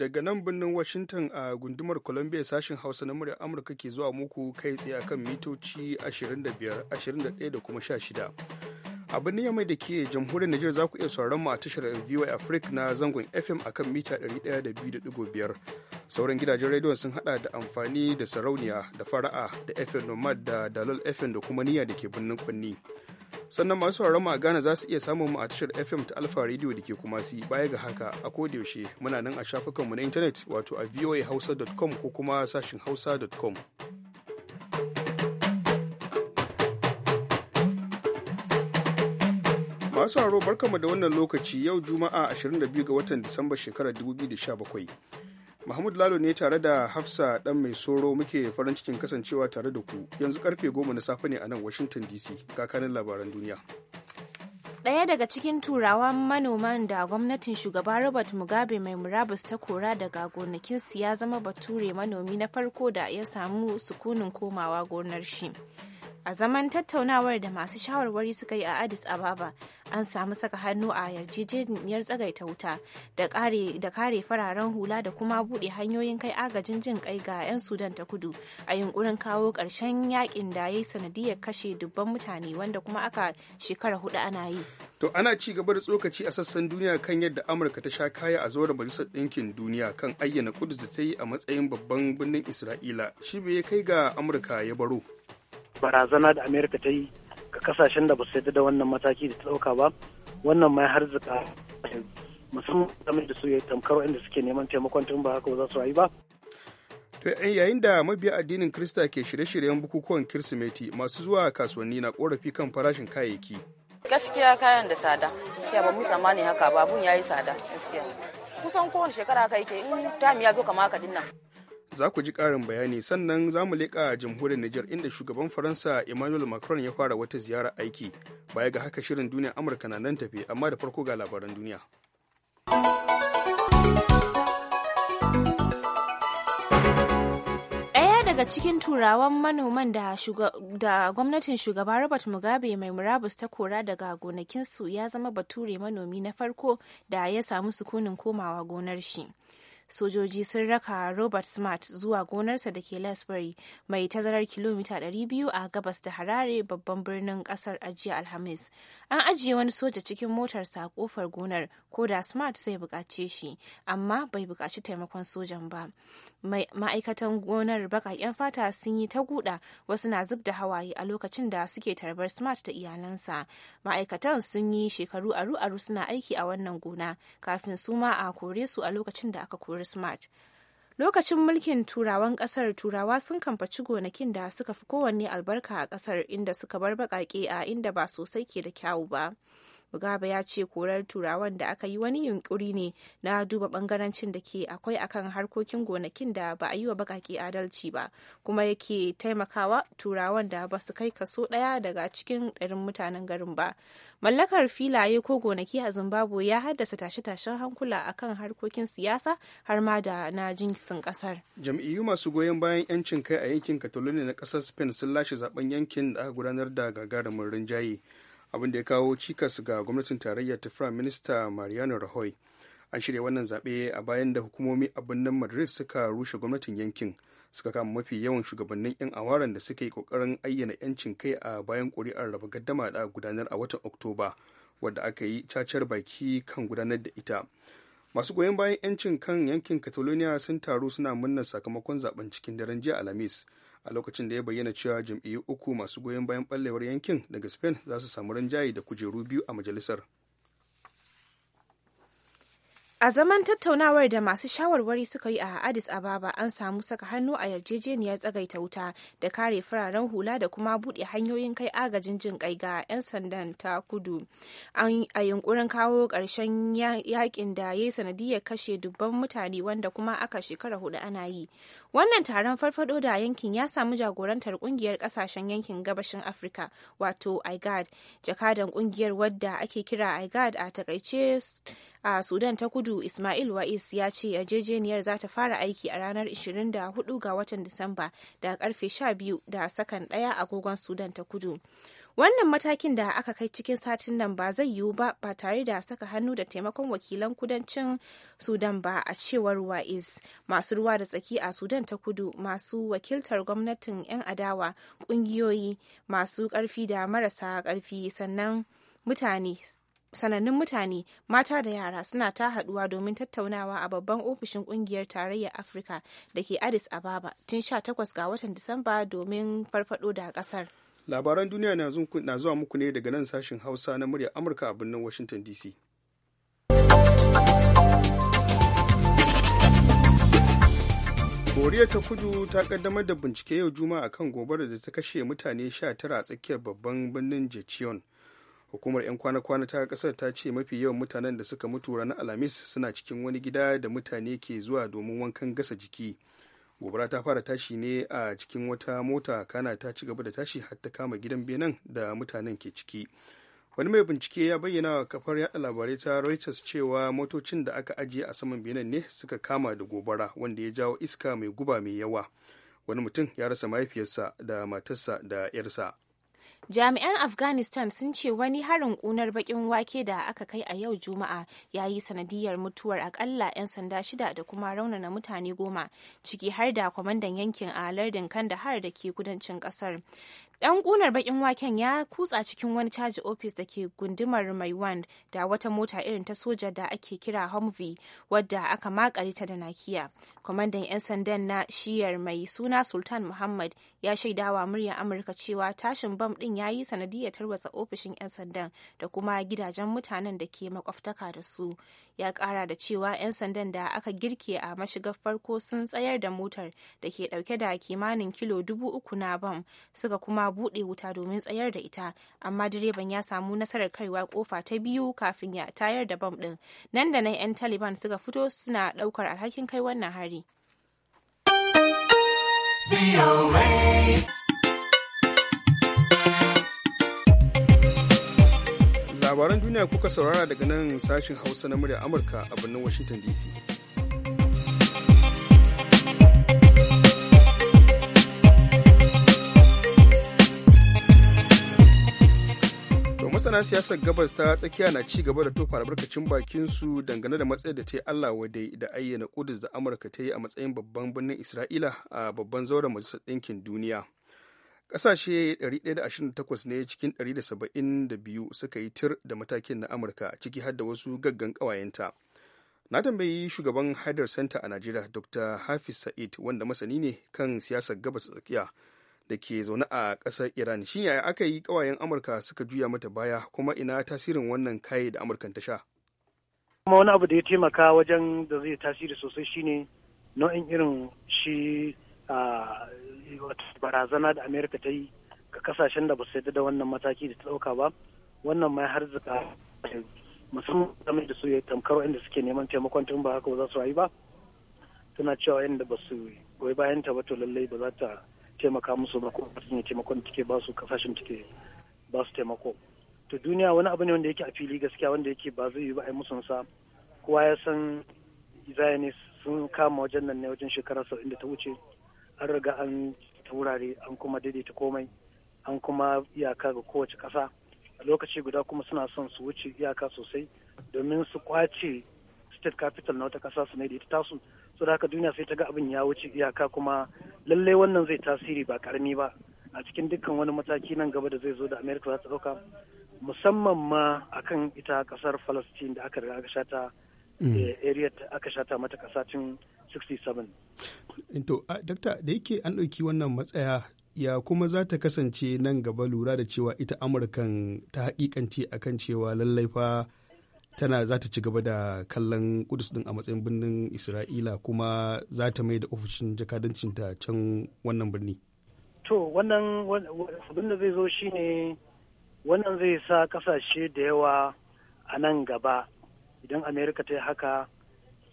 daga nan birnin washington a gundumar columbia sashen hausa na murya amurka ke zuwa muku kai tsaye akan mitoci 25 21 da kuma 16 a birnin yamai da ke jamhuriyar Nijar za ku iya sauraron mu a tashar VOA Africa na zangon FM akan mita 102.5 sauran gidajen rediyon sun hada da amfani da sarauniya da fara'a da FM Nomad da Dalol FM da kuma niyya da ke birnin Kwanni. sannan masu sauraron mu a Ghana za su iya samun mu a tashar FM ta Alpha Radio da ke kuma si baya ga haka a yaushe muna nan a shafukanmu na intanet wato a voahausa.com ko kuma sashin hausa.com. masu haro barkanmu da wannan lokaci yau juma'a 22 ga watan disamba shekarar 2017 Mahmud Lalo ne tare da Hafsa ɗan mai soro muke farin cikin kasancewa tare da ku yanzu karfe goma na safe ne a nan Washington DC kakanin labaran duniya. Ɗaya daga cikin turawan manoman da gwamnatin shugaba Robert Mugabe mai murabus ta kora daga gonakinsu ya zama bature manomi na farko da ya samu sukunin komawa gonar shi. a zaman tattaunawar da masu shawarwari suka yi a addis ababa an samu saka hannu a yarjejeniyar tsagaita wuta da kare fararen hula da kuma buɗe hanyoyin kai agajin jin kai ga 'yan sudan ta kudu a yunkurin kawo ƙarshen yakin da ya yi sanadiyar kashe dubban mutane wanda kuma aka shekara hudu ana yi to ana ci gaba da tsokaci a sassan duniya kan yadda amurka ta sha kaya a zauren majalisar ɗinkin duniya kan ayyana kudu da ta yi a matsayin babban birnin isra'ila shi bai kai ga amurka ya baro barazana da amerika ta yi ga kasashen da ba su yadda da wannan mataki da ta dauka ba wannan mai har zuka musamman da su ya tamkar inda suke neman taimakon tun ba haka ba za su rayu ba. To eh, yayin da mabiya addinin Krista ke shirye-shiryen bukukuwan Kirsimeti masu zuwa kasuwanni na korafi kan farashin kayayyaki. Gaskiya kayan da tsada, gaskiya ba mu tsammani haka ba, abun yayi tsada gaskiya. Kusan kowane shekara kai ke in tam ya zo kama ka dinnan. za ku ji ƙarin bayani sannan za mu leƙa jamhuriyar Nijar inda shugaban Faransa Emmanuel Macron ya fara wata ziyara aiki. Baya ga haka shirin duniya Amurka na nan tafi amma da farko ga labaran duniya. Ɗaya daga cikin turawan manoman da, da gwamnatin shugaba Robert Mugabe mai murabus ta kora daga gonakinsu ya zama bature manomi na farko da ya samu sukunin komawa gonar shi. sojoji sun raka robert smart zuwa gonarsa da ke lesbury mai tazarar kilomita 200 a gabas da harare babban birnin kasar ajiya alhamis an ajiye wani soja cikin motarsa a kofar gonar ko da smart sai bukace shi amma bai bukaci taimakon sojan ba ma'aikatan gonar bakaken fata sun yi ta guda wasu na zub da hawaye a lokacin da suke tarbar smart da iyalansa ma'aikatan sun yi shekaru aru-aru suna aiki a wannan gona kafin su ma a kore su a lokacin da aka kore Mart. Lokacin mulkin turawan kasar turawa sun kamfaci gonakin da suka fi kowanne albarka a kasar inda suka bar baƙaƙe a inda ba sosai ke da kyawu ba. mugabe ya ce korar turawan da aka yi wani yunkuri ne na duba bangarancin da ke akwai akan harkokin gonakin da ba a yi wa bakaki adalci ba kuma yake taimakawa turawan da ba su kai kaso ɗaya daga cikin ɗarin mutanen garin ba mallakar filaye ko gonaki a zimbabwe ya haddasa tashe-tashen hankula akan harkokin siyasa har ma da na jinsin kasar. jam'iyyu masu goyon bayan 'yancin kai a yankin catalonia na kasar spain sun lashe zaben yankin da aka gudanar da gagarumin rinjaye abin da ya kawo cikas ga gwamnatin tarayya ta firayim minista mariano rahoy an shirya wannan zaɓe a bayan da hukumomi a birnin madrid suka rushe gwamnatin yankin suka kama mafi yawan shugabannin 'yan awaran da suka yi kokarin ayyana 'yancin kai a bayan ƙuri'ar raba gaddama da gudanar a watan oktoba wadda aka yi cacar baki kan gudanar da ita masu goyon bayan 'yancin kan yankin catalonia sun taru suna murnar sakamakon zaben cikin daren jiya alhamis a lokacin da ya bayyana cewa jam'iyyu uku masu goyon bayan ɓallewar yankin daga spain za su samu rinjaye da kujeru biyu a majalisar A zaman tattaunawar da masu shawarwari suka yi a Addis Ababa an samu saka hannu a yarjejeniyar tsagaita wuta da kare fararen hula da kuma buɗe hanyoyin kai agajin jin kai ga 'yan sandan ta kudu. a yunkurin kawo ƙarshen yakin da ya yi sanadiyar kashe dubban mutane wanda kuma aka shekara hudu ana yi. Wannan taron farfado da yankin ya samu jagorantar kungiyar kasashen yankin gabashin Afirka wato IGAD, jakadan kungiyar wadda ake kira IGAD a takaice a Sudan ta kudu Ismail Wa'is ya ce yarjejeniyar za ta fara aiki a ranar 24 ga watan Disamba da karfe 12 da sakan daya agogon Sudan ta kudu. wannan matakin da aka kai cikin satin nan ba zai yiwu ba ba tare da saka hannu da taimakon wakilan kudancin sudan ba a cewar wa'iz masu ruwa da tsaki a sudan ta kudu masu wakiltar gwamnatin 'yan adawa kungiyoyi masu karfi da marasa karfi sannan mutane sanannun mutane mata da yara suna ta haduwa domin tattaunawa a babban ofishin kungiyar tarayyar afirka da ke addis ababa tun 18 ga watan disamba domin farfado da kasar labaran duniya na zuwa muku ne daga nan sashen hausa na murya amurka a birnin washington dc koriya ta kudu ta kaddamar da bincike yau juma'a kan gobarar da ta kashe mutane 19 a tsakiyar babban birnin jecheon hukumar 'yan kwana-kwana ta kasar ta ce mafi yawan mutanen da suka mutu ranar alhamis suna cikin wani gida da mutane ke zuwa domin wankan gasa jiki gobara ta fara tashi ne a cikin wata mota kana ta ci gaba da tashi har ta kama gidan benin da mutanen ke ciki wani mai bincike ya bayyana wa kafar yada labarai ta reuters cewa motocin da aka ajiye a saman benin ne suka kama da gobara wanda ya jawo iska mai guba mai yawa wani mutum ya rasa mahaifiyarsa da matarsa da 'yarsa jami'an afghanistan sun ce wani harin kunar bakin wake da aka kai a yau juma'a ya yi sanadiyar mutuwar akalla 'yan sanda shida da kuma raunana mutane goma ciki har da kwamandan yankin a lardin kandahar da ke kudancin kasar Dan kunar bakin waken ya kutsa cikin wani caji ofis da ke gundumar Maiwand da wata mota irin ta soja da ake kira Humvee wadda aka makare ta da nakiya. Kwamandan 'yan sandan na shiyar mai suna Sultan Muhammad ya shaidawa muryar Amurka cewa tashin bam din ya yi sanadiyar tarwatsa ofishin 'yan sandan da kuma gidajen mutanen da ke makwabtaka da su. ya kara da cewa 'yan sandan da aka girke a mashigar farko sun tsayar da motar da ke dauke da kimanin kilo dubu uku na bam suka kuma bude wuta domin tsayar da ita amma direban ya samu nasarar kaiwa kofa ta biyu kafin ya tayar da bam din nan da nan 'yan taliban suka fito suna daukar alhakin kai wannan hari. labaran duniya kuka saurara daga nan sashin hausa na murya amurka a birnin washington dc masana siyasar gabas ta tsakiya na ci gaba da tofa albarkacin bakin su dangane da matsayar da ta yi Allah wadai da ayyana kudus da Amurka ta yi a matsayin babban birnin Isra'ila a babban zauren majalisar ɗinkin duniya. Ƙasashe 128 ne cikin 172 suka yi tir da matakin na Amurka ciki har da wasu gaggan ƙawayenta. Na tambayi shugaban Haidar Center a Najeriya Dr. Hafiz Sa'id wanda masani ne kan siyasar gabas tsakiya da ke zaune a kasar Iran. shi yaya aka yi ƙawayen Amurka suka juya mata baya kuma ina tasirin wannan kaye da Amurkan ta sha? Kuma wani abu da ya taimaka wajen da zai tasiri sosai shine nau'in irin shi ah, barazana da amerika ta yi ga kasashen da ba su yadda da wannan mataki da ta dauka ba wannan mai har zuka musamman zama da su ya tamkar inda suke neman taimakon tun ba haka ba za su rayu ba tana cewa yadda ba su goyi bayan ta ba to lallai ba za ta taimaka musu ba ko ba su ne taimakon da take ba su kasashen take ba su taimako to duniya wani abu ne wanda yake a fili gaskiya wanda yake ba zai yi ba a yi musun sa kowa ya san zionist sun kama wajen nan ne wajen shekara sau da ta wuce an riga an wurare an kuma daidaita komai an kuma iyaka ga kowace ƙasa a lokaci guda kuma suna son su wuce iyaka sosai domin su kwace state capital na wata ƙasa su daidaita tasu su da haka duniya sai ta ga abin ya wuce iyaka kuma lallai wannan zai tasiri ba karami ba a cikin dukkan wani mataki nan gaba da zai zo da america za ta ɗauka musamman ma akan ita kasar falastin da aka riga aka shata mm. eh, area ta aka shata mata ƙasa tun 67 to dakta da yake an ɗauki wannan matsaya ya kuma za ta kasance nan gaba lura da cewa ita amurkan ta a kan cewa lallai fa tana za ta ci gaba da kallon kudus din a matsayin birnin isra'ila kuma za ta mai da ofishin jakadancinta can wannan birni to wannan abin da zai zo shine wannan zai sa kasashe da yawa a nan gaba idan amerika ta yi haka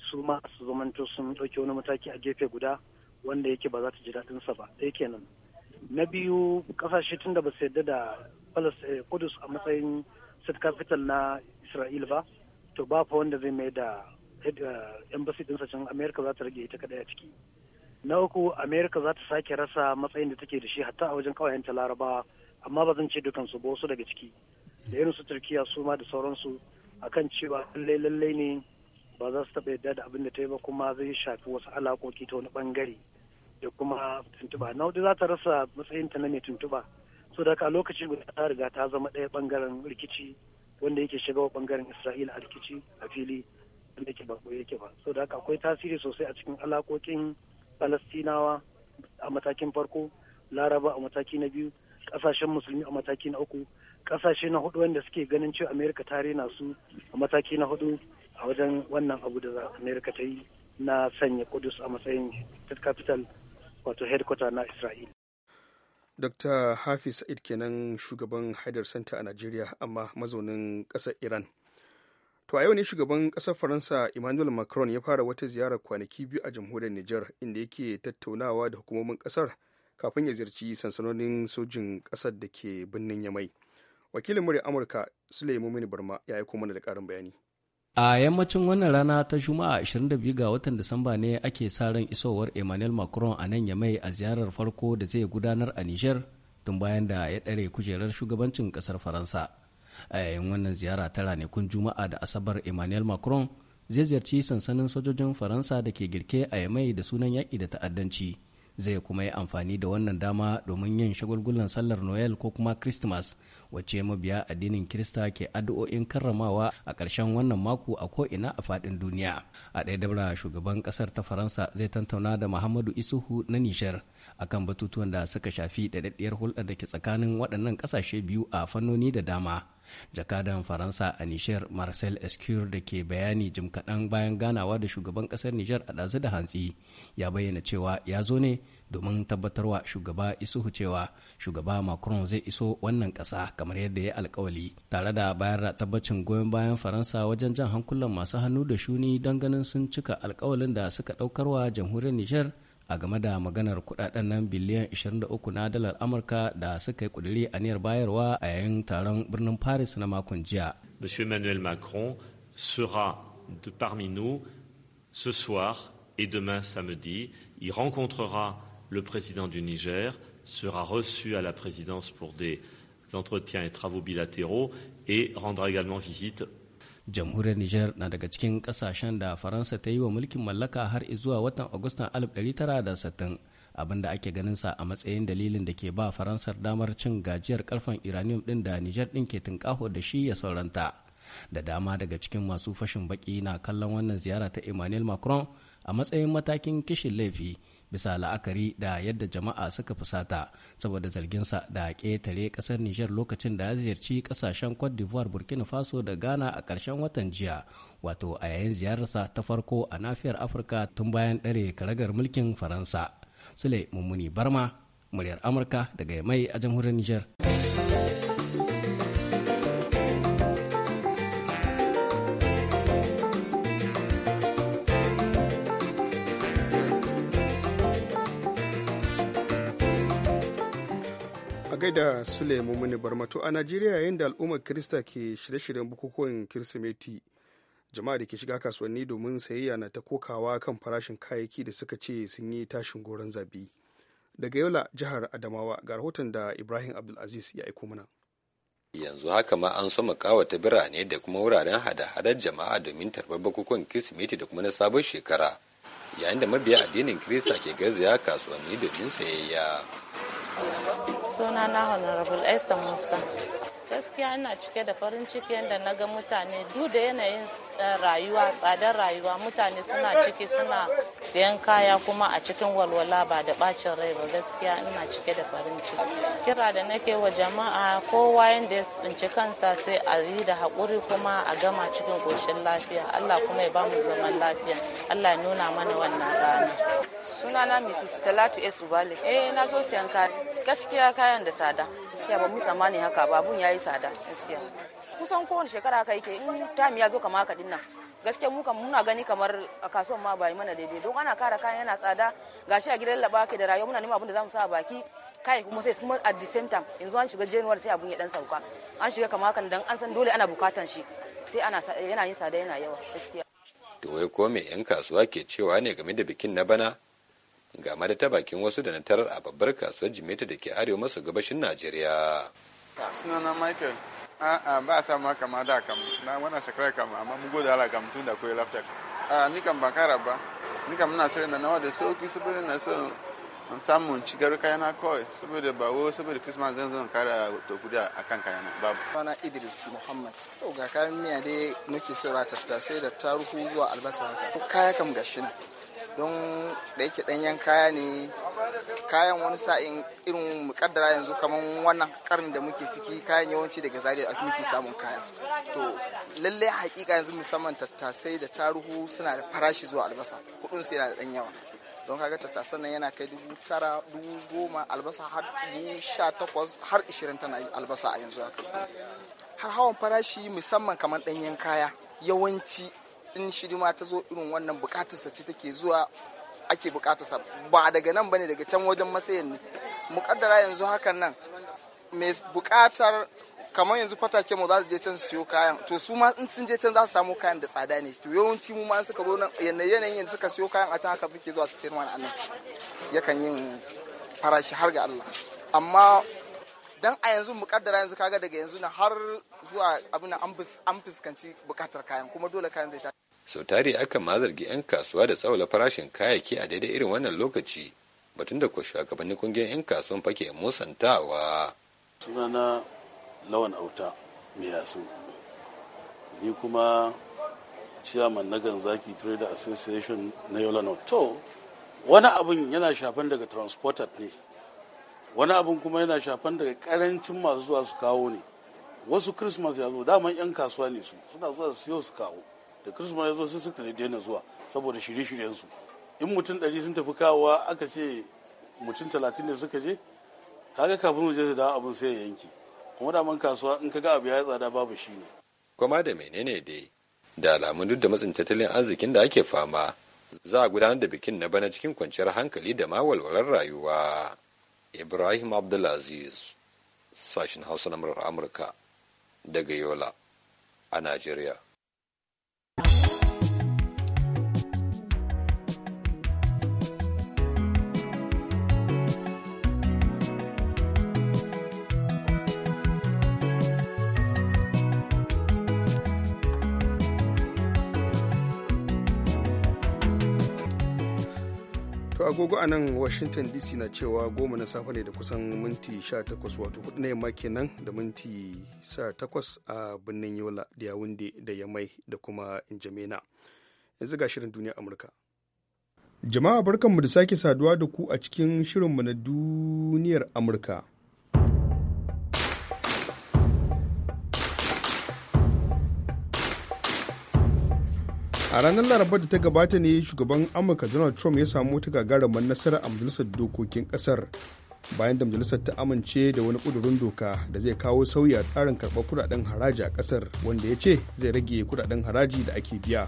su ma su zamanto sun ɗauki wani mataki a gefe guda wanda yake ba za ta ji daɗinsa ba ɗaya kenan na biyu ƙasashe tun da ba su yarda da eh, kudus a matsayin state capital na isra'il ba to ba fa wanda zai mai da eh, embassy ɗinsa can america za ta rage ita kaɗai a ciki na uku america za ta sake rasa matsayin da take da shi hatta a wajen ƙawayenta larabawa amma ba zan ce dukansu ba wasu daga ciki da irin su turkiya su ma da sauransu akan cewa lallai lallai ne ba za su taɓa yadda da abin da ta yi ba kuma zai shafi wasu alaƙoƙi ta wani ɓangare da kuma tuntuɓa na za ta rasa matsayinta na mai tuntuɓa so da a lokaci guda ta riga ta zama ɗaya ɓangaren rikici wanda yake shiga wa ɓangaren isra'ila a rikici a fili wanda yake ba ko yake ba so da ka akwai tasiri sosai a cikin alaƙoƙin falastinawa a matakin farko laraba a mataki na biyu ƙasashen musulmi a mataki na uku ƙasashe na hudu wanda suke ganin cewa amerika ta rena su a mataki na hudu a wajen wannan abu da amerika ta yi na sanya kudus a matsayin state capital wato headquarter na isra'il dr hafiz sa'id kenan shugaban haidar center a nigeria amma mazaunin kasar iran to a yau ne shugaban ƙasar faransa emmanuel macron ya fara wata ziyarar kwanaki biyu a jamhuriyar niger inda yake tattaunawa da hukumomin ƙasar kafin ya ziyarci sansanonin sojin ƙasar da ke birnin yamai wakilin murya amurka suleiman mini barma ya aiko mana da ƙarin bayani a yammacin wannan rana ta juma'a 22 ga watan disamba ne ake sa ran isowar emmanuel macron a nan ya mai a ziyarar farko da zai gudanar a niger tun bayan da ya ɗare kujerar shugabancin ƙasar faransa a yayin wannan ziyara ta ranakun juma'a da asabar emmanuel macron zai ziyarci sansanin sojojin faransa da ke girke a yamai da sunan yaƙi da ta'addanci zai kuma yi amfani da wannan dama domin yin shagulgulan sallar noel ko kuma christmas wacce mabiya addinin kirista ke addu'o'in karramawa a ƙarshen wannan mako a ko'ina a faɗin duniya a ɗaya dabra shugaban ƙasar ta faransa zai tantauna da muhammadu isuhu na nishar akan batutuwan da suka shafi daɗaɗɗiyar hulɗar da ke tsakanin waɗannan ƙasashe biyu a fannoni da dama jakadan faransa a nishiyar marcel escur da ke bayani jim kaɗan bayan ganawa da shugaban ƙasar nijar a ɗazu da hantsi ya bayyana cewa ya zo ne domin tabbatarwa shugaba isuhu cewa shugaba macron zai iso wannan ƙasa kamar yadda ya alkawali tare da bayar da tabbacin goyon bayan faransa wajen jan hankulan masu hannu da shuni don ganin sun cika alkawalin da suka ɗaukarwa jamhuriyar nijar a monsieur emmanuel macron sera de parmi nous ce soir et demain samedi il rencontrera le président du niger sera reçu à la présidence pour des entretiens et travaux bilatéraux et rendra également visite jamhuriyar niger na daga cikin kasashen da faransa ta yi wa mulkin mallaka har zuwa watan agustan 1960 abinda ake sa a matsayin dalilin da ke ba faransar damar cin gajiyar karfen iranium din da niger din ke tunkaho da shi ya sauranta da dama daga cikin masu fashin baki na kallon wannan ziyara ta emmanuel macron a matsayin matakin kishin laifi bisa la'akari da yadda jama'a suka fusata saboda zarginsa da ƙetare ƙasar Nijar lokacin da ya ziyarci ƙasashen Cote d'Ivoire, Burkina Faso da Ghana a ƙarshen watan jiya, wato a yayin ziyararsa ta farko a nafiyar Afirka tun bayan ɗare karagar mulkin Faransa. Sule Mummuni Barma, muryar Amurka daga mai a jamhuriyar Nijar. gaida Suleiman Muni Barmato a Najeriya yayin da al'ummar Kirista ke shirye-shiryen bukukuwan Kirsimeti. Jama'a da ke shiga kasuwanni domin sayayya na ta kokawa kan farashin kayayyaki da suka ce sun yi tashin goron zabi. Daga Yola jihar Adamawa ga rahoton da Ibrahim Abdulaziz ya aiko mana. yanzu haka ma an sama kawata birane da kuma wuraren hada-hadar jama'a domin tarbar bukukuwan kirsimeti da kuma na sabon shekara yayin da mabiya addinin kirista ke garzaya kasuwanni domin sayayya sunana honorable esther musa gaskiya ina cike da farin ciki yadda na ga mutane duk da yanayin eh, rayuwa tsadar rayuwa mutane suna ciki suna siyan kaya kuma a cikin walwala ba da bacin rai ba gaskiya ina cike da farin ciki kira da nake wa jama'a kowa yadda ya tsinci kansa sai a yi da haƙuri kuma a gama cikin ƙoshin lafiya allah kuma ya ba mu zaman lafiya allah ya nuna mana wannan rana sunana mrs talatu s ubale eh na zo siyan kaya gaskiya kayan da tsada gaskiya ba mu tsammani haka ba abun yayi tsada gaskiya kusan kowane shekara haka yake in tami ya zo kamar haka dinnan gaskiya mu muna gani kamar a kasuwan ma bai mana daidai don ana kara kayan yana tsada gashi a gidan laba ke da rayuwa muna neman abin da zamu sa a baki kai kuma sai kuma at the same time yanzu an shiga january sai abun ya dan sauka an shiga kamar hakan dan an san dole ana bukatan shi sai ana yana yin tsada yana yawa gaskiya to ko me yan kasuwa ke cewa ne game da bikin na bana ga da ta bakin wasu da na tarar a babbar kasuwar jimeta da ke arewa maso gabashin najeriya sunana michael a'a ba a samu haka ma da kam na wannan shekarar kam amma mu gode ala kam tun da koyi lafiya a ni kam ban kara ba ni kam ina shirin nawa da sauki saboda na so an samu ci garu kayana kawai saboda ba wo saboda christmas zan zan kara to guda akan kayana babu sana idris muhammad to ga kayan miya dai nake so ra tattasai da taruhu zuwa albasa haka kaya kam gashi ne don da yake ɗanyen kaya ne kayan wani sa'in irin mukaddara yanzu kamar wannan karin da muke ciki kayan yawanci daga zariya a muke samun kaya to lallai hakika yanzu musamman tattasai da taruhu suna da farashi zuwa albasa kudin su yana da ɗan yawa don kaga tattasan nan yana kai dubu tara dubu goma albasa har dubu sha takwas har ishirin tana albasa a yanzu haka har hawan farashi musamman kamar ɗanyen kaya yawanci in shidima ta zo irin wannan bukatarsa ce take zuwa ake bukatarsa ba daga nan bane daga can wajen matsayin ne Muƙaddara yanzu hakan nan mai bukatar kamar yanzu fatake mu za su je can su siyo kayan to su ma in sun je can za su samu kayan da tsada ne to yawanci mu ma suka zo nan yanayin yanzu suka siyo kayan a can haka fike zuwa su sayar mana anan yakan yin farashi har ga Allah amma dan a yanzu muƙaddara yanzu kaga daga yanzu na har zuwa abin an fuskanci bukatar kayan kuma dole kayan zai ta sau tari aka ma zargi 'yan kasuwa da tsaula farashin kayayyaki a daidai irin wannan lokaci batun da ko shugabannin kungiyar 'yan kasuwan fake musantawa sunana lawan auta mai yasu ni kuma ciyaman na ganzaki trader association na yola to wani abun yana shafan daga transporter ne wani abun kuma yana shafan daga karancin masu zuwa su kawo ne wasu christmas ya zo daman 'yan kasuwa ne su suna zuwa su siyo su kawo da kirisma ya zo sai suka daina zuwa saboda shirye shiryen su in mutum ɗari sun tafi kawowa aka ce mutum talatin ne suka je kaga kafin mu je su dawo abin sai ya yanke kuma da man kasuwa in ka ga abu ya yi tsada babu shi ne kuma da menene dai da alamun duk da matsin tattalin arzikin da ake fama za a gudanar da bikin na bana cikin kwanciyar hankali da ma walwalar rayuwa ibrahim abdulaziz sashen hausa na murar amurka daga yola a najeriya agogo a nan washington dc na cewa goma na safe ne da kusan minti 18 wato hudu na yamma kenan da minti 18 a birnin yola da yawunde da yamai da kuma jamena yanzu ga shirin duniya amurka jama'a barkanmu da sake saduwa da ku a cikin shirinmu na duniyar amurka a ranar laraba da ta gabata ne shugaban amurka donald trump ya samu wata gagarumar nasara a majalisar dokokin kasar bayan da majalisar ta amince da wani kudurin doka da zai kawo sauyi a tsarin karɓar kudaden haraji a kasar wanda ya ce zai rage kudaden haraji da ake biya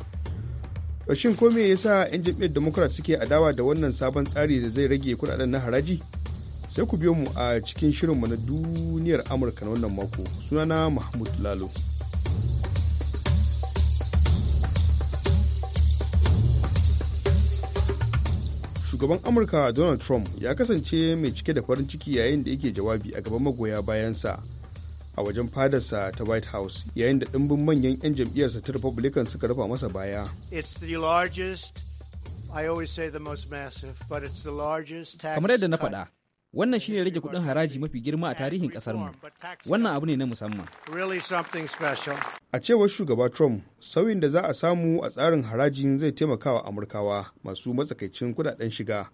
rashin ko me yasa 'yan jam'iyyar democrat suke adawa da wannan sabon tsari da zai rage kudaden na haraji sai ku biyo mu a cikin shirinmu na duniyar amurka na wannan mako sunana mahmud lalo shugaban amurka donald trump ya kasance mai cike da farin ciki yayin da yake jawabi a gaban magoya bayansa a wajen fadarsa ta white house yayin da ɗimbin manyan 'yan jam'iyyarsa ta republican suka rufa masa baya kamar yadda na faɗa wannan shine rage kuɗin haraji mafi girma a tarihin ƙasarmu wannan abu ne na musamman A cewar shugaba Trump, sauyin da za a samu a tsarin harajin zai taimakawa Amurkawa masu matsakaicin kudaden shiga,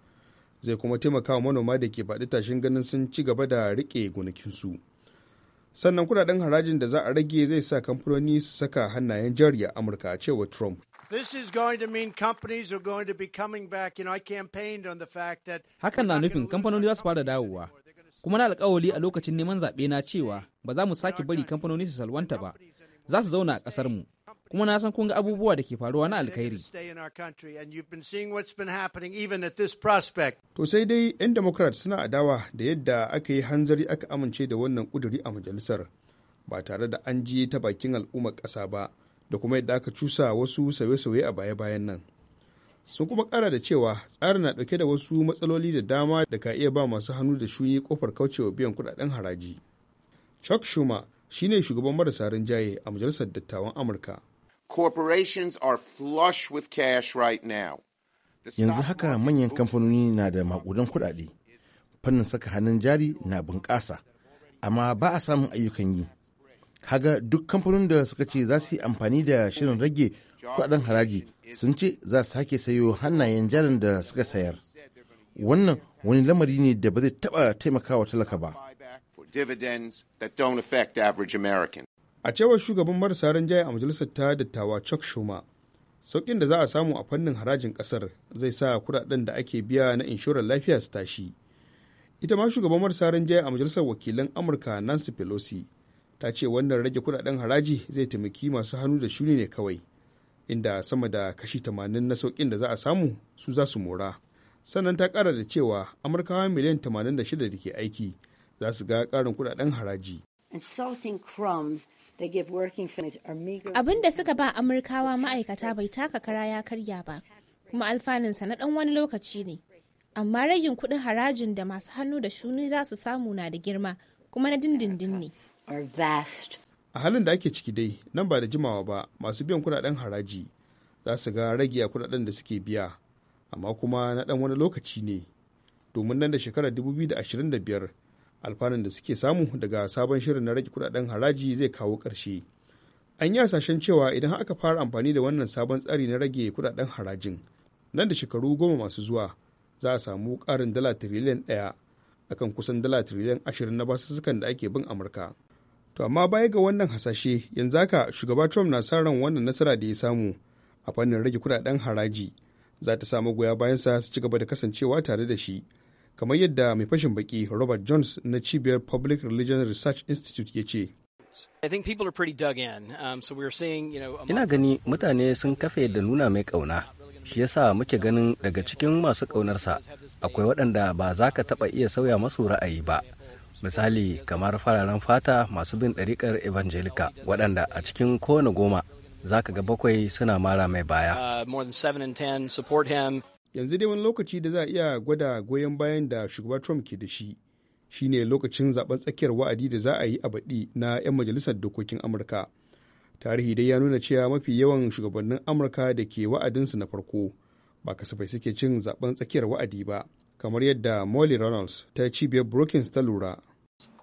zai kuma taimakawa manoma da ke faɗi tashin ganin sun ci gaba da riƙe gonakinsu. Sannan kudaden harajin da za a rage zai sa kamfanoni su saka hannayen jari a Amurka a cewar Trump. Hakan na nufin kamfanoni za su fara dawowa, kuma na alkawali a lokacin neman zaɓe na cewa ba za mu sake bari kamfanoni su salwanta ba za su zauna a ƙasar mu kuma na san kun ga abubuwa da ke faruwa na alkhairi. To sai dai 'yan Democrats suna adawa da yadda aka yi hanzari aka amince da wannan kuduri a majalisar ba tare da an ji ta bakin al'ummar ƙasa ba da kuma yadda aka cusa wasu sauye-sauye a baya-bayan nan. Sun kuma kara da cewa tsarin na ɗauke da wasu matsaloli da dama da ka iya ba masu hannu da shuni kofar kaucewa biyan kuɗaɗen haraji. Chuck Schumer Shi ne shugaban marasa rinjaye a majalisar dattawan Amurka. Corporations are flush with cash right now. Yanzu haka manyan kamfanoni na da maƙudan kuɗaɗe. Fannin saka hannun jari na bunƙasa, amma ba a samun ayyukan yi. Kaga duk kamfanonin da suka ce za su yi amfani da shirin rage kuɗaɗen haraji sun ce za su sake sayo hannayen jarin da suka sayar. Wannan wani lamari ne da ba zai taɓa taimakawa talaka ba. dividends that don't affect average American. A cewar shugaban marasa rinjaye a majalisar ta dattawa Chuck Schumer, sauƙin da za a samu a fannin harajin ƙasar zai sa kuɗaɗen da ake biya na inshorar lafiya su tashi. Ita ma shugaban marasa rinjaye a majalisar wakilan Amurka Nancy Pelosi ta ce wannan rage kuɗaɗen haraji zai taimaki masu hannu da shuni ne kawai, inda sama da kashi 80 na sauƙin da za a samu su za su mora. Sannan ta ƙara da cewa Amurkawa miliyan 86 da ke aiki za su ga ƙarin kudaden haraji. Abin da suka ba Amurkawa ma'aikata bai taka kara ya karya ba, kuma alfanunsa na ɗan wani lokaci ne. Amma ragin kuɗin harajin da masu hannu da shuni za su samu na da girma kuma na dindindin ne. A halin da ake ciki dai, nan ba da jimawa ba masu biyan kudaden haraji za su ga rage a kudaden da suke biya, amma kuma na ɗan wani lokaci ne. Domin nan da shekarar 2025 alfanun da suke samu daga sabon shirin na rage kudaden haraji zai kawo ƙarshe an yi hasashen cewa idan aka fara amfani da wannan sabon tsari na rage kudaden harajin nan da shekaru goma masu zuwa za a samu ƙarin dala tiriliyan ɗaya akan kusan dala tiriliyan ashirin na basussukan da ake bin amurka to amma baya ga wannan hasashe yanzu haka shugaba trump na sa ran wannan nasara da ya samu a fannin rage kudaden haraji za ta sa goya bayansa su ci gaba da kasancewa tare da shi kamar yadda mai fashin baki robert jones na cibiyar public religion research institute ya ce um, ina gani mutane sun kafe da nuna mai kauna shi yasa muke ganin daga cikin masu ƙaunarsa akwai waɗanda ba za ka taɓa iya sauya masu ra'ayi ba misali kamar fararen fata masu bin ɗariƙar evangelika waɗanda a cikin kowane goma za ka ga bakwai suna mara mai baya uh, yanzu dai wani lokaci da za a iya gwada goyon bayan da shugaba trump ke da shi shine lokacin zaben tsakiyar wa'adi da za a yi a baɗi na 'yan majalisar dokokin amurka tarihi dai ya nuna cewa mafi yawan shugabannin amurka da ke wa'adinsu na farko ba kasafai suke cin zaben tsakiyar wa'adi ba kamar yadda molly reynolds ta cibiyar brookings ta lura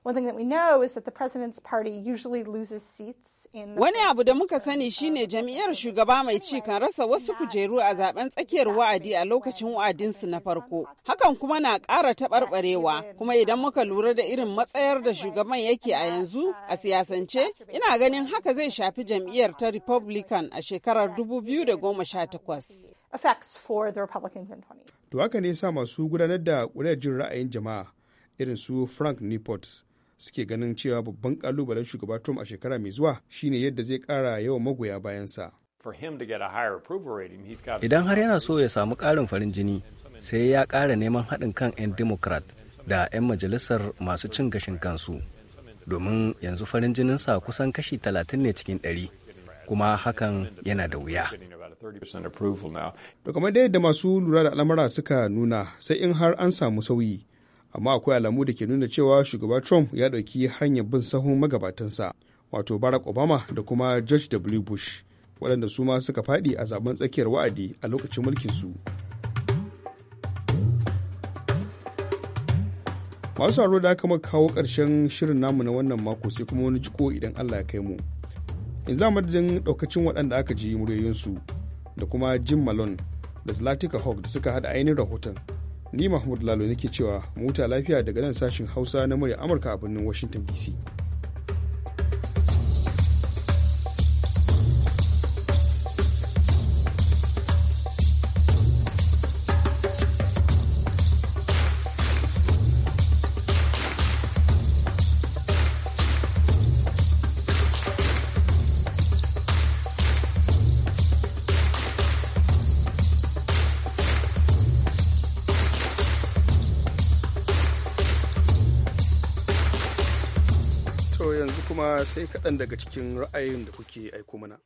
One thing that we know is that the president's party usually loses seats in the Wani abu da muka sani shine jam'iyyar shugaba mai ci kan rasa wasu kujeru a zaben tsakiyar wa'adi a lokacin wa'adinsu na farko. Hakan kuma na ƙara taɓarɓarewa, kuma idan muka um, lura da irin matsayar da shugaban yake a yanzu a uh, siyasance, ina ganin haka zai shafi jam'iyyar ta Republican a shekarar 2018. Um, effects for the Republicans To haka ne sa masu gudanar da ƙuri'ar jin ra'ayin jama'a irin su Frank Nipot suke ganin cewa babban kalubalen shugaba Trump a shekara mai zuwa shine yadda zai kara yawan magoya bayansa. Idan har yana so ya samu ƙarin farin jini, sai ya ƙara neman haɗin kan 'yan Democrat da 'yan majalisar masu cin gashin kansu. Domin yanzu farin jininsa kusan kashi talatin ne cikin ɗari kuma hakan yana da wuya. Da kamar da yadda masu lura da al'amura suka nuna sai in har an samu sauyi amma akwai alamu da ke nuna cewa shugaba trump ya ɗauki hanyar bin sahun magabatansa wato barack obama da kuma george w bush waɗanda su ma suka faɗi a zaben tsakiyar wa'adi a lokacin mulkin su. masu haro da aka kawo ƙarshen shirin namu na wannan mako sai kuma wani jiko idan allah ya kai mu in za madadin ɗaukacin waɗanda aka ji muryoyinsu da kuma jim malone da zlatika hawk da suka haɗa ainihin rahoton ni mahmud lalo nake cewa muta lafiya daga nan sashin hausa na murya amurka a birnin washington dc sai kaɗan daga cikin ra'ayin da kuke aiko mana.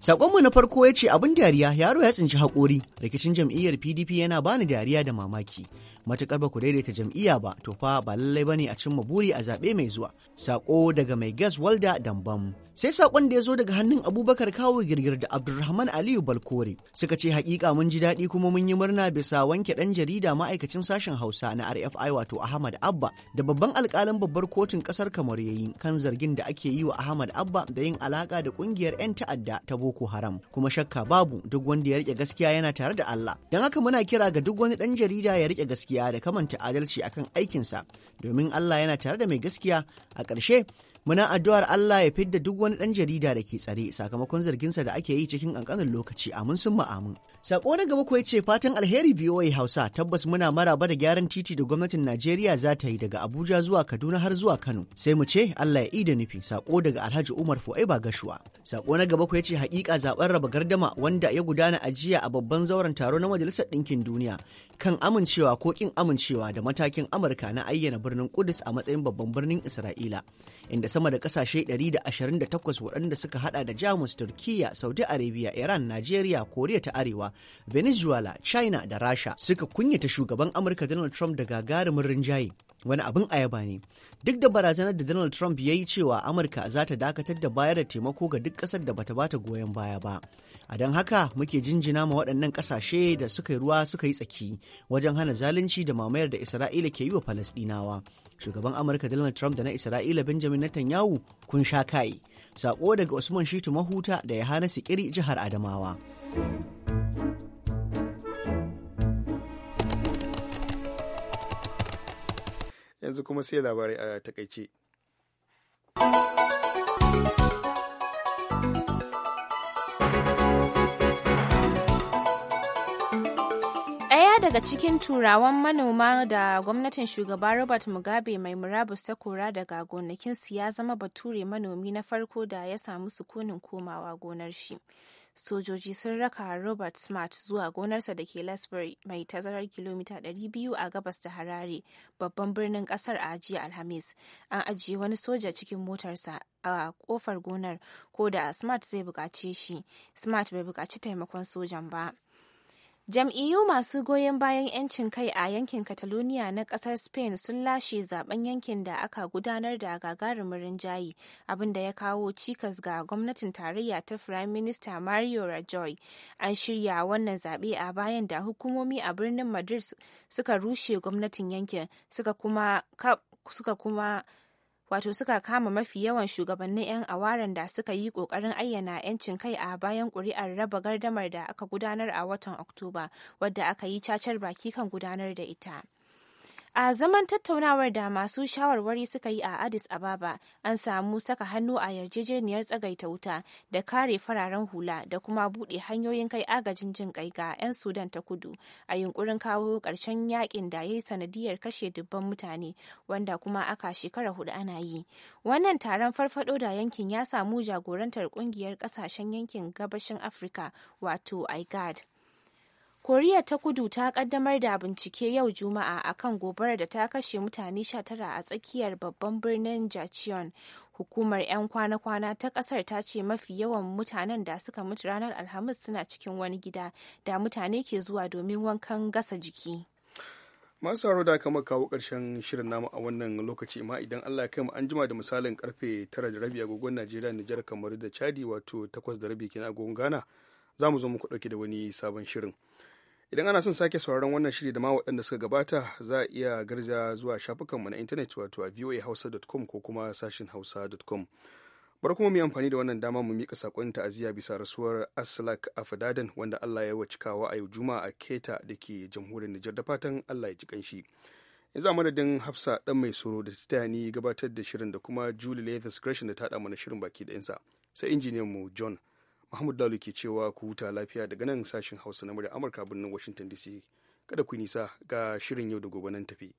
Sakonmu na farko ya ce abin dariya yaro ya tsinci haƙori rikicin jam'iyyar PDP yana bani dariya da mamaki matukar ba ku daidaita jam'iyya ba to fa ba lallai bane a cimma buri a zaɓe mai zuwa sako daga mai gas walda dambam sai sakon da ya zo daga hannun abubakar kawo girgir da abdulrahman aliyu balkore suka ce hakika mun ji daɗi kuma mun yi murna bisa wanke ɗan jarida ma'aikacin sashen hausa na rfi wato ahmad abba da babban alƙalin babbar kotun ƙasar kamar yayi kan zargin da ake yi wa ahmad abba da yin alaƙa da ƙungiyar 'yan ta'adda ta boko haram kuma shakka babu duk wanda ya riƙe gaskiya yana tare da allah don haka muna kira ga duk wani ɗan jarida ya rike gaskiya gaskiya da kamanta adalci akan aikinsa domin Allah yana tare da mai gaskiya a ƙarshe Muna addu'ar Allah ya fidda duk wani ɗan jarida da ke tsare sakamakon zarginsa da ake yi cikin ƙanƙanin lokaci amin sun ma'amin. Sako na gaba kuwa ce fatan alheri biyoyi Hausa tabbas muna maraba da gyaran titi da gwamnatin Najeriya za ta yi daga Abuja zuwa Kaduna har zuwa Kano. Sai mu ce Allah ya da nufi sako daga Alhaji Umar ba Gashuwa. Sako na gaba kuwa ce haƙiƙa zaɓen raba gardama wanda ya gudana a jiya a babban zauren taro na Majalisar Ɗinkin Duniya kan amincewa ko ƙin amincewa da matakin Amurka na ayyana birnin Kudus a matsayin babban birnin Isra'ila. inda sama da kasashe 128 waɗanda suka hada da jamus turkiya saudi arabia iran najeriya Korea ta arewa venezuela china da rasha suka kunyata shugaban amurka donald trump da gagarumin rinjaye wani abin ayaba ne duk da barazanar da donald trump ya yi cewa amurka za ta dakatar da bayar da taimako ga duk ƙasar da bata bata goyon baya ba a don haka muke jinjina ma waɗannan ƙasashe da suka yi ruwa suka yi tsaki wajen hana zalunci da mamayar da isra'ila ke yi wa falasɗinawa shugaban amurka donald trump da na isra'ila benjamin Netanyahu kun sha kai. Sako daga Usman Shitu Mahuta da Yohana Sikiri jihar Adamawa. Yanzu kuma sai labarai a takaice. daga cikin turawan manoma da gwamnatin shugaba Robert Mugabe mai murabus ta kora daga gonakinsu ya zama bature manomi na farko da ya samu sukunin komawa gonar shi. Sojoji sun raka Robert Smart zuwa gonarsa da ke Lasbury mai tazarar kilomita 200 a gabas da Harare, babban birnin kasar a jiya Alhamis. An ajiye wani soja cikin motarsa a kofar gonar ko da Smart zai bukace shi. Smart bai bukaci taimakon sojan ba. Jam'iyyu masu goyon bayan 'yancin kai a yankin Catalonia na kasar Spain sun lashe zaben yankin da aka gudanar da gagarumin jayi abin da ya kawo cikas ga gwamnatin tarayya ta prime minister Mario Rajoy. An shirya wannan zaɓe a bayan da hukumomi a birnin Madrid suka rushe gwamnatin yankin suka kuma, suka kuma wato suka kama mafi yawan shugabannin 'yan awaren da suka yi kokarin ayyana 'yancin kai a bayan kuri'ar raba gardamar da aka gudanar a watan oktoba wadda aka yi cacar baki kan gudanar da ita A zaman tattaunawar da masu shawarwari suka yi a Addis Ababa, an samu saka hannu a yarjejeniyar tsagaita wuta da kare fararen hula da kuma buɗe hanyoyin kai agajin jin kai ga 'yan Sudan ta kudu a yunkurin kawo ƙarshen yakin da ya yi sanadiyar kashe dubban mutane wanda kuma aka shekara hudu ana yi. Wannan taron farfado da yankin ya samu jagorantar ƙungiyar ƙasashen yankin gabashin Afirka wato IGAD. koriya ta kudu ta kaddamar da bincike yau juma'a akan gobarar da ta kashe mutane 19 a tsakiyar babban birnin jacheon hukumar 'yan kwana-kwana ta kasar ta ce mafi yawan mutanen da suka mutu ranar alhamis suna cikin wani gida da mutane ke zuwa domin wankan gasa jiki masu haro da kama kawo karshen shirin namu a wannan lokaci ma idan allah ya mu an jima da misalin karfe 9:30 da rabi agogon najeriya nijar kamar da chadi wato 8:30 da rabi kenan agogon ghana za mu zo muku dauke da wani sabon shirin idan ana son sake sauraron wannan shiri da ma waɗanda suka gabata za a iya garza zuwa shafukanmu na intanet wato a voahausa.com ko kuma sashin hausa.com bar kuma mu yi amfani da wannan dama mu mika sakon ta'aziyya bisa rasuwar aslak afadadan wanda Allah ya wacikawa a yau juma'a a keta da ke jamhuriyar Nijar da fatan Allah ya ji kanshi yanzu a madadin hafsa dan mai soro da ta ni gabatar da shirin da kuma julie lathis gresham da ta haɗa mana shirin baki da yansa sai injiniyan mu john Mahmud Lalo ke cewa ku huta lafiya daga nan sashen Hausa na murya Amurka birnin Washington DC. Kada ku nisa ga shirin yau da gobe nan tafi.